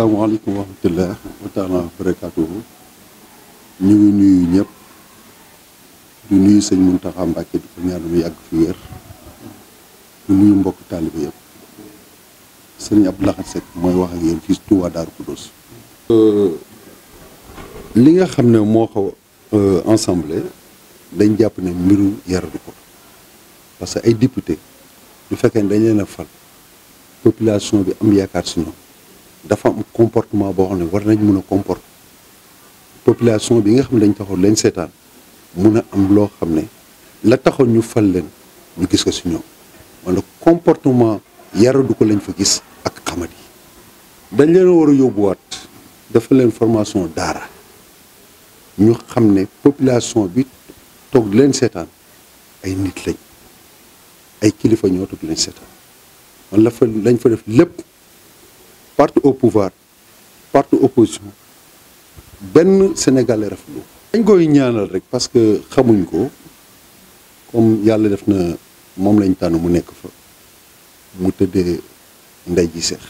asalaamaaleykum wa rahmatulah wa taala barakaatuhu ñu ngi nuyu ñëpp di nuyu sëñ Muntaxa Mbàkke di ko ñaan mu yàgg fi wér di nuyu mbokk taaliba yëpp sëñ Abdou Lahad Seck mooy wax ak yéen fii si Touba Darou euh, li nga xam ne moo ko euh, ensemble dañ jàpp ne mbiru yaradu ko parce que ay député du fekkee ne dañ leen a fal population bi am yaakaar si ñoom. dafa am comportement boo xam ne war nañ mun a comporter population bi nga xam ne dañ taxoon leen seetaan mun a am loo xam ne la taxoon ñu fal leen ñu gis ko si ñoom wala comportement yaradu ko lañ fa gis ak xamat yi dañ leen war a yóbbuwaat dafa leen formation daara ñu xam ne population bi toog leen seetaan ay nit lañ ay kilifa ñoo toog leen seetaan man la fa lañ fa def lépp parti au pouvoir parti opposition benn sénégalais rafetlu dañ koy ñaanal rek parce que xamuñ ko comme yàlla def na moom lañ tànn mu nekk fa mu tëddee ndey ji seex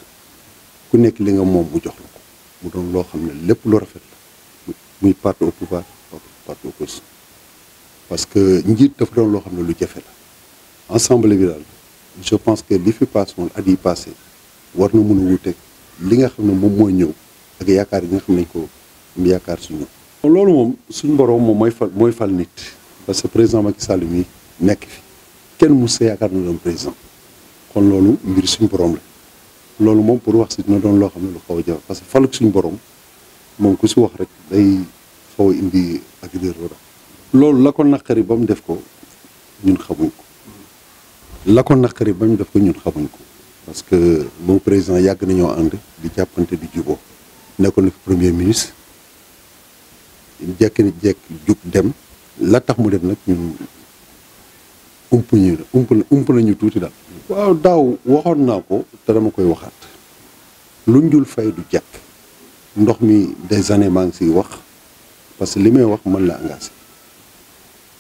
ku nekk li nga moom mu jox la ko mu doon loo xam ne lépp lu rafet la muy parti au pouvoir parti opposition parce que njiit dafa doon loo xam ne lu jafe la ensemble bi daal je pense que li fi paase woon at yi passé war na mën a wuteeg li nga xam ne moom mooy ñëw ak yaakaar yi nga xam nañ ko yaakaar suñu loolu moom suñu borom moom mooy fal mooy fal nit parce que président ma Macky Sall mi nekk fi kenn mu sa yaakaar na doon président kon loolu mbir suñu borom la loolu moom pour wax si dina doon loo xam ne lu xaw a jafe parce que faluk suñu borom moom ku si wax rek day xaw a indi ak réeroo loolu la ko naqari ba mu def ko ñun xamuñ ko la ko naqari ba mu def ko ñun xamuñ ko parce que moom président yàgg nañoo ànd di jàppante di juboo nekkoon na fi premier ministre jekk jub dem la tax mu dem nag ñun ump ñu ump ump nañu tuuti dal waaw daaw waxoon naa ko te dama koy waxaat lu jul fay du jàkk ndox mi des années maa ngi siy wax parce que li may wax mën la engagé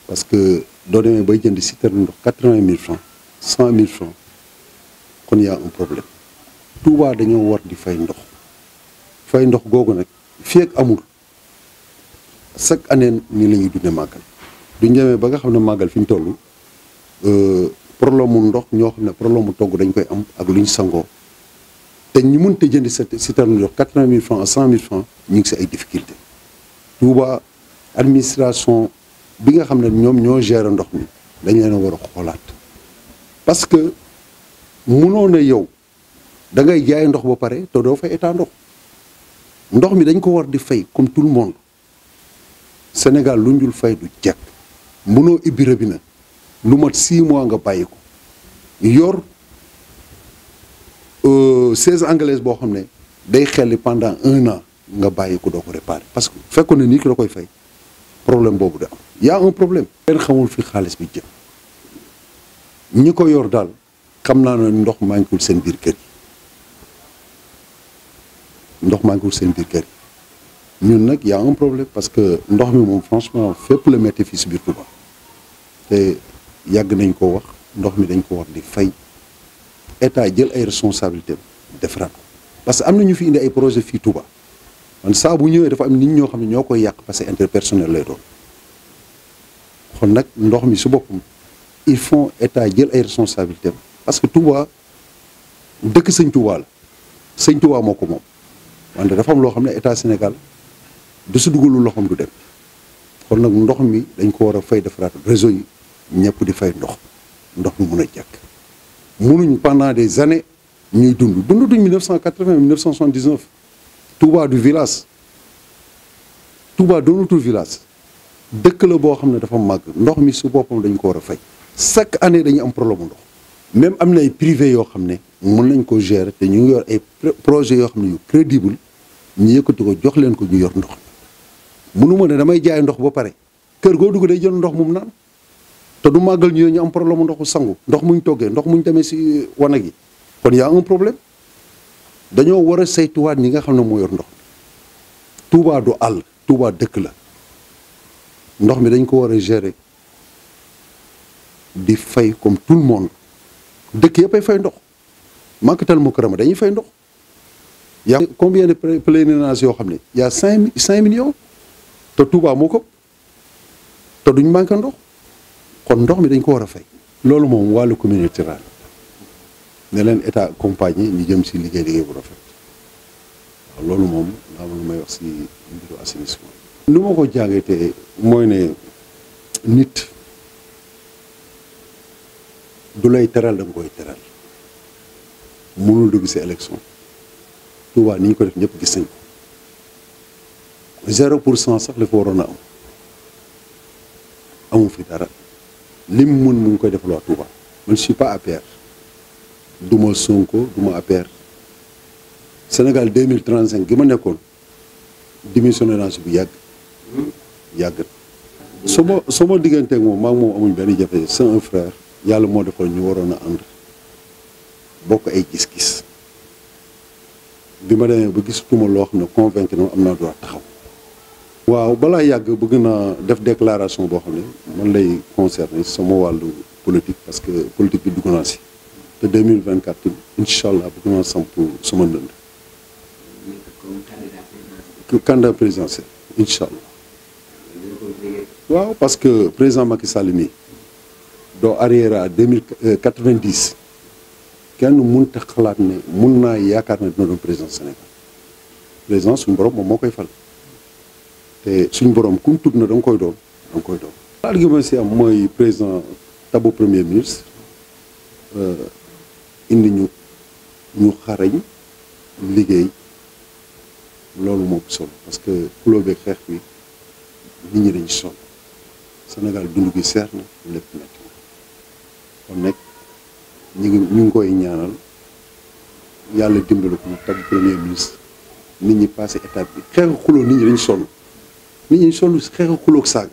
parce que doo demee bay jënd citerne ndox quatre-vingt mille francs cent mille francs kon y a un problème Touba dañoo war di fay ndox fay ndox googu nag fii ak amul chaque année nii la ñuy dundee màggal duñ demee ba nga xam ne màggal fi ñu toll euh, problème mu ndox ñoo xam ne problème mu togg dañ koy am ak lu ñu sangoo te ñi mënta jënd sa citerne ndox quatre-vingt mille francs à cent mille ñu ngi si ay difficulté Touba administration bi nga xam ne ñoom ñoo gérer ndox mi dañ leen a war a xoolaat parce munoo ne yow da ngay jaay ndox ba pare te doo fay état ndox ndox mi dañ ko war di fay comme tout le monde Sénégal luñ dul fay du jekk munoo ibbi robinet lu mat 6 mois nga bàyyi ko yor 16 euh, anglaise boo xam ne day xelli pendant un an nga bàyyi ko doo ko réparer parce que fekkoon ne nii ki la koy fay problème boobu da am y un problème kenn xamul fi xaalis bi jëm ñi ko yor daal xam naa ne ndox manquewul seen biir kër yi ndox manquewul seen biir kër yi ñun nag yaa a problème parce que ndox mi moom franchement fépp la metti fii si biir Touba te yàgg nañ ko wax ndox mi dañ ko war di fay état jël ay responsabilités defaraat ko parce que am na ñu fi indi ay projet fii Touba man saa bu ñëwee dafa am nit ñoo xam ne ñoo koy yàq parce que interpersonnel lay doon kon nag ndox mi su bokkum il faut état jël ay responsabilités parce que Touba dëkk sëñ Touba la sëñ Touba moo ko moom wante dafa am loo xam ne état Sénégal du su dugalul loxoom du dem kon nag ndox mi dañ ko war a fay defaraat réseau yi ñëpp di fay ndox ndox mi mun a jàkk munuñ pendant des années ñuy dund dund duñ 1980 1979 Touba du village Touba doonatul village dëkk la boo xam ne dafa màgg ndox mi su boppam dañ ko war a fay chaque anne dañuy am problème ndox même am na ay privé yoo xam ne mën nañ ko gérer te ñu ngi yor ay projet yoo xam ne yu crédible ñu yëkkati ko jox leen ko ñu yor ndox munu ma ne damay jaay ndox ba pare kër goo dugg day jël ndox mum naan te du màggal ñu ñu am problème ndoxu sangu ndox mu muñ toggee ndox ñu demee si euh, wanag yi kon y a problème dañoo war a saytuwaat ñi nga xam ne moo yor ndox Touba du àll Touba dëkk la ndox mi dañ ko war a gérer di fay comme tout le monde dëkk yëpp ay fay ndox Makkatal Mukarrama dañuy fay ndox y' a combien de pèlerinages yoo xam ne y' a cinq cinq millions te Touba moo ko te duñ manqué ndox kon ndox mi dañ ko war a fay. loolu moom wàllu communauté rurale ne leen état accompagné ñu jëm si liggéey liggéey bu rafet loolu moom naa ma lu may wax si mbiru assainissement. nu ma ko jàngatee mooy ne nit. du lay teral da koy teral mënul dugg si élection Touba ni ñu ko def ñëpp gis nañ ko pour cent sax li fa waroon a am amu fi dara lim mun mu ngi koy def loo Touba man je pas APR du ma Sonko du ma APR Sénégal mille trente cinq gi ma nekkoon démissionné naa si bu yàgg yàggat. sama sama digganteeg moom maa ngi moom amuñ benn jafe c'est un frère. yàlla moo defoon ñu waroon a ànd bokk ay gis-gis bi ma demee ba gisatuma loo xam ne convaincre na am naa droit taxaw. waaw balaa yàgg bëgg naa def déclaration boo xam ne man lay concerner sama wàllu politique parce que politique bi dugg naa si te 2024 incha allah bëgg naa samp sama ndënd. candidat présidentiel incha allah. waaw parce que président Macky Sall mii doo arrière à deux mille euh, quatre vingt dix kenn mënut a xalaat ne mun naa yaakaar ne dina doon président Sénégal président suñu borom moom moo koy fal te suñu borom ku mu tudd na da koy doon da nga koy doon. argument si am mooy président tabu premier ministre euh, indi ñu ñu xarañ liggéey loolu moo ko parce que xuloo beeg xeex bi nit ñi dañ sol Sénégal dund gi seer na lépp métti kon nag ñu ngi ñu ngi koy ñaanal yàlla dimbalu ko mu tagg ministre nit ñi passé étape bi xeexu xuloo nit ñi dañ sonn nit ñi sonn xeexu xuloog saaga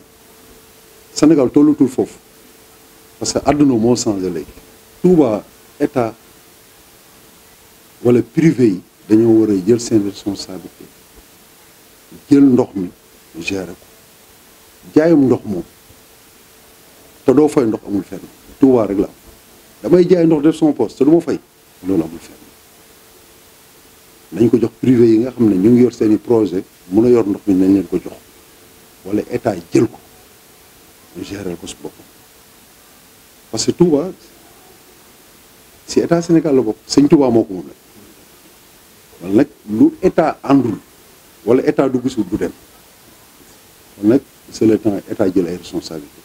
Sénégal tollutul foofu parce que àdduna moo changé léegi Touba état wala privé yi dañoo war a jël seen responsabilité jël ndox mi gérer ko jaayum ndox moom te doo fay ndox amul fenn Touba rek la damay jaay ndox def son poste te du fay loolu amul fenn nañ ko jox privé yi nga xam ne ñu ngi yor seen i projet mun a yor ndox mi nañ leen ko jox wala état jël ko ñu gérer ko su boppam parce que Touba si état Sénégal la bopp sëñ Touba moo ko moom nag wala nag lu état àndul wala état du gisul du dem kon nag c'est le temps état jël ay responsabilité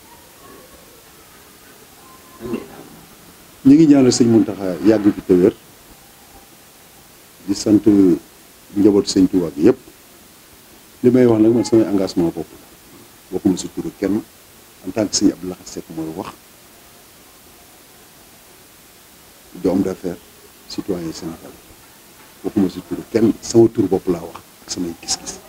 ñu ngi ñaanal sëñ Muntaxa yàgg fi te wér di sant njabootu sëñ Tuubaa bi yëpp li may wax nag man samay engagement bopp bokkuma si turu kenn en tant que sëñ Abdou Lahad Seck mooy wax di homme d'affaires citoyen Sénégal bokkuma si turu kenn sama tur bopp laa wax ak samay gis-gis